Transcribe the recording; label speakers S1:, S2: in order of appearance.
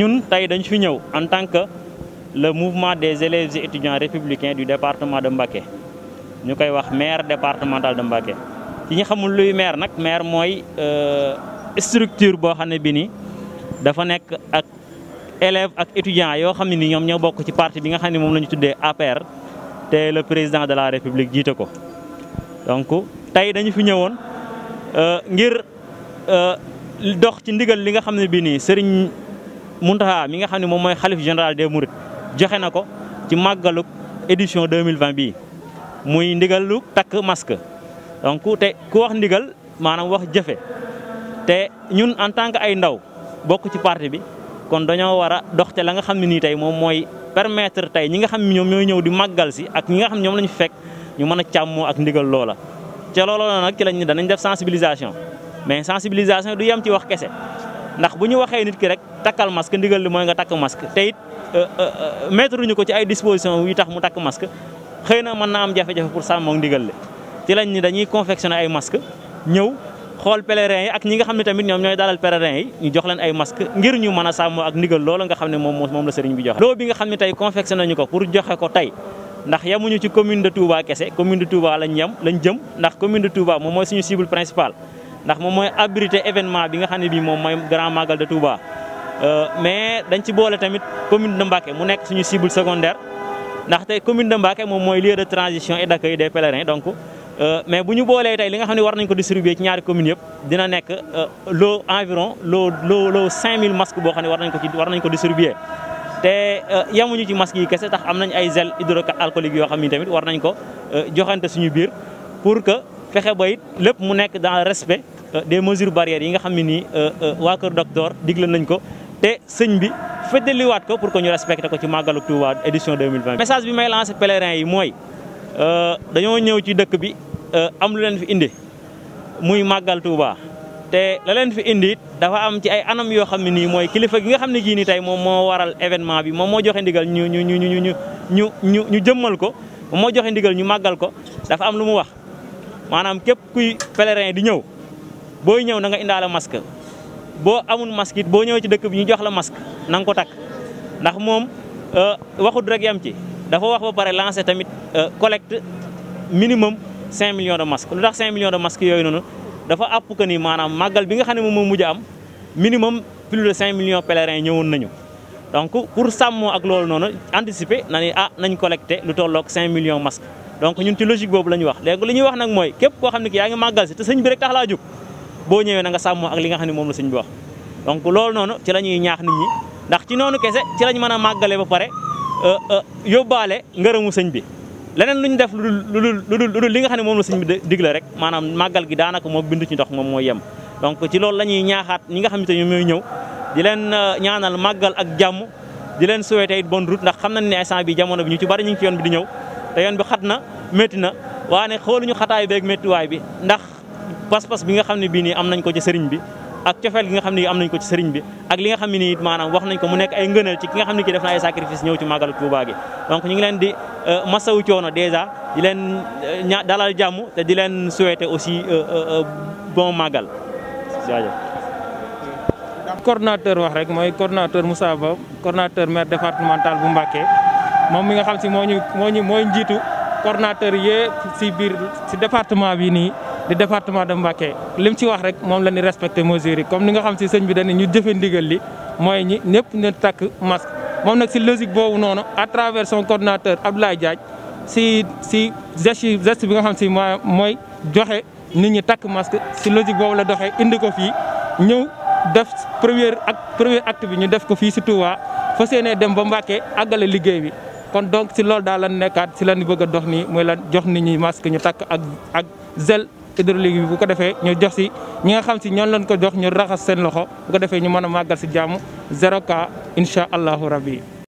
S1: ñun tey dañu fi ñëw en tant que le mouvement des élèves et étudiants républicains du département de Mbacké ñu koy wax maire départemental de Mbacké ci ñu xamul luy maire nag maire mooy euh, structure boo xam ne bi ni dafa nekk ak élèves ak étudiants yoo xam ne nii ñoom ñoo bokk ci partie bi nga xam ne moom la ñu tuddee APR te le président de la république jiite ko donc tey dañu fi ñëwoon euh, ngir euh, dox ci ndigal li nga xam ne bi nii sëriñ Mountakha mi nga xam ne moom mooy xalif général des Mourides joxe na ko ci màggaluk édition 2020 bii muy ndigalu takk masque donc te ku wax ndigal maanaam wax jëfe te ñun en tant que ay ndaw bokk ci parti bi kon dañoo war a dox te la nga xam ne nii tey moom mooy permettre tey ñi nga xam mi ñoom ñoo ñëw di màggal si ak ñi nga xam ne ñoom la ñu fekk ñu mën a càmmoo ak ndigal loola. ca looloo nag ci lañ danañ def sensibilisation mais sensibilisation du yem ci wax kese. ndax bu ñu waxee nit ki rek takkal masque ndigal li mooy nga takk masque te it euh, euh, euh, mettre ñu ko ci ay disposition yu tax mu takk masque xëy na mën na am jafe-jafe pour sàmmoog ndigal li ci lañ ni dañuy confectionner ay masque ñëw xool pèlerins yi ak ñi nga xam ne tamit ñoom ñooy dalal pèlerins yi ñu jox leen ay masque ngir ñu mën a sàmmoo ak ndigal loolu nga xam ne moom moom la sëriñ bi joxe loo bi nga xam ne tey confectionné nañu ko pour joxe ko tey ndax yemuñu ci commune de kese commune de Touba lañ jëm ndax commune de Touba moom mooy suñu cible principale ndax moom mooy abrité événement bi nga xam ne bii moom mooy grand magal de Touba. Euh, mais dañ ci boole tamit commune de Mbacké mu nekk suñu cible secondaire te commune de Mbacké moom mooy lieu de transition et d'accueil des pèlerins donc. Euh, mais bu ñu boolee tey li nga xam ne war nañ ko distribuer ci ñaari communes yëpp dina nekk euh, loo environ loo loo loo 5000 masques boo xam ne war nañ ko ci war nañ ko distribuer. te yemuñu ci masques yi kese tax am nañ ay gel hydroalcoolique yoo xam ni tamit war nañ ko joxante suñu biir pour que. fexe ba lépp mu nekk dans le respect euh, des mesures barrières yi nga xam ne nii euh, euh, waa Kër Docteur digle nañ ko te sëñ bi feddaliwaat ko pour que ñu respecté ko ci màggalu Touba édision 2020. message bi may lancé pèlerin yi mooy dañoo ñëw ci dëkk bi am lu leen fi indi muy màggal Touba te la leen fi indi dafa am ci ay anam yoo xam ne nii mooy kilifa gi nga xam ne gii nii tey moom moo waral événement bi moom moo joxe ndigal ñu ñu ñu ñu ñu ñu ñu jëmmal ko moo joxe ndigal ñu màggal ko dafa am lu mu wax. maanaam képp kuy pèlerin di ñëw booy ñëw na nga indaale masque boo amul masque boo ñëwee ci dëkk bi ñu jox la masque na nga ko takk ndax moom euh, waxut rek yam ci dafa wax ba pare lancé tamit euh, collecte minimum 5 millions de masques lu tax 5 millions de masques yooyu noonu dafa àpp que maanaam màggal bi nga xam ne moom moo mujj am minimum plus de 5 millions pèlerins ñëwoon nañu. donc pour sàmmoo ak loolu noonu anticiper na a ah nañ collecté lu tolloog 5 millions masques. donc ñun ci logique boobu la ñuy wax léegi li ñuy wax nag mooy képp koo xam ne ki yaa ngi màggal si te sëñ bi rek tax laa jóg boo ñëwee nanga nga sàmmoo ak li nga xam ne moom la sëñ bi wax donc loolu noonu ci la ñuy ñaax nit ñi ndax ci noonu kese ci lañ mën a màggale ba pare euh, euh, yóbbaale ngërëmu sëñ bi leneen lu ñu def lu dul lu dul li nga xam ne moom la sëñ bi digle rek maanaam màggal gi daanak moom bindu ci dox moom mooy yem donc ci loolu la ñuy ñaaxaat ñi nga xam ne ñoom ñooy ñëw di leen euh, ñaanal màggal ak jàmm di leen souhaiter it bonne route ndax xam nañ ne instant bi jamono bi ñu ci bari ñu ngi ci yoon bi di ñëw te yoon bi xat na métti na waaye xooluñu xataay bee méttiwaay bi ndax pas-pas bi nga xam ne bii nii am nañ ko ci sëriñ bi ak cofeel gi nga xam ne am nañ ko ci sëriñ bi ak li nga xam ne nii maanaam wax nañ ko mu nekk ay ngëneel ci ki nga xam ne ki def na ay sacrifice ñëw ci màggalu Tuuba gi donc ñu ngi leen di euh, masawu coono dèjà di leen euh, ña dalal jàmm te di leen
S2: souhaiter aussi euh, bon màggal jaajëf coordonnateur wax rek mooy cordinateur Moussa Ba coordonnateur maire bu Mbacké moom mi nga xam si moo ñu moo ñu mooy njiitu coordonnateur yee si biir si département bi nii di département de Mbacké lim si wax rek moom la ñu respecté mesures yi comme ni nga xam si sëñ bi dañ ñu jëfe ndigal li mooy ñi ñëpp ñu takk masque. moom nag si logique boobu noonu à travers son coordonnateur Abdoulaye Diagne si si geste geste bi nga xam si mooy joxe nit ñi takk masque si logique boobu la doxe indi ko fii ñu def première ak premier act bi ñu def ko fii si Touba fa seenee dem ba Mbacké àggale liggéey bi. kon donc si loolu daal lan nekkaat si lan bëgg dox nii mooy lan jox nit ñi masque ñu takk ak ak gel hydraulique bi bu ko defee ñu jox si ñi nga xam si ñoon lañ ko jox ñu raxas seen loxo bu defee ñu mën a màggal si jàmm zéro cas incha allahu rabbi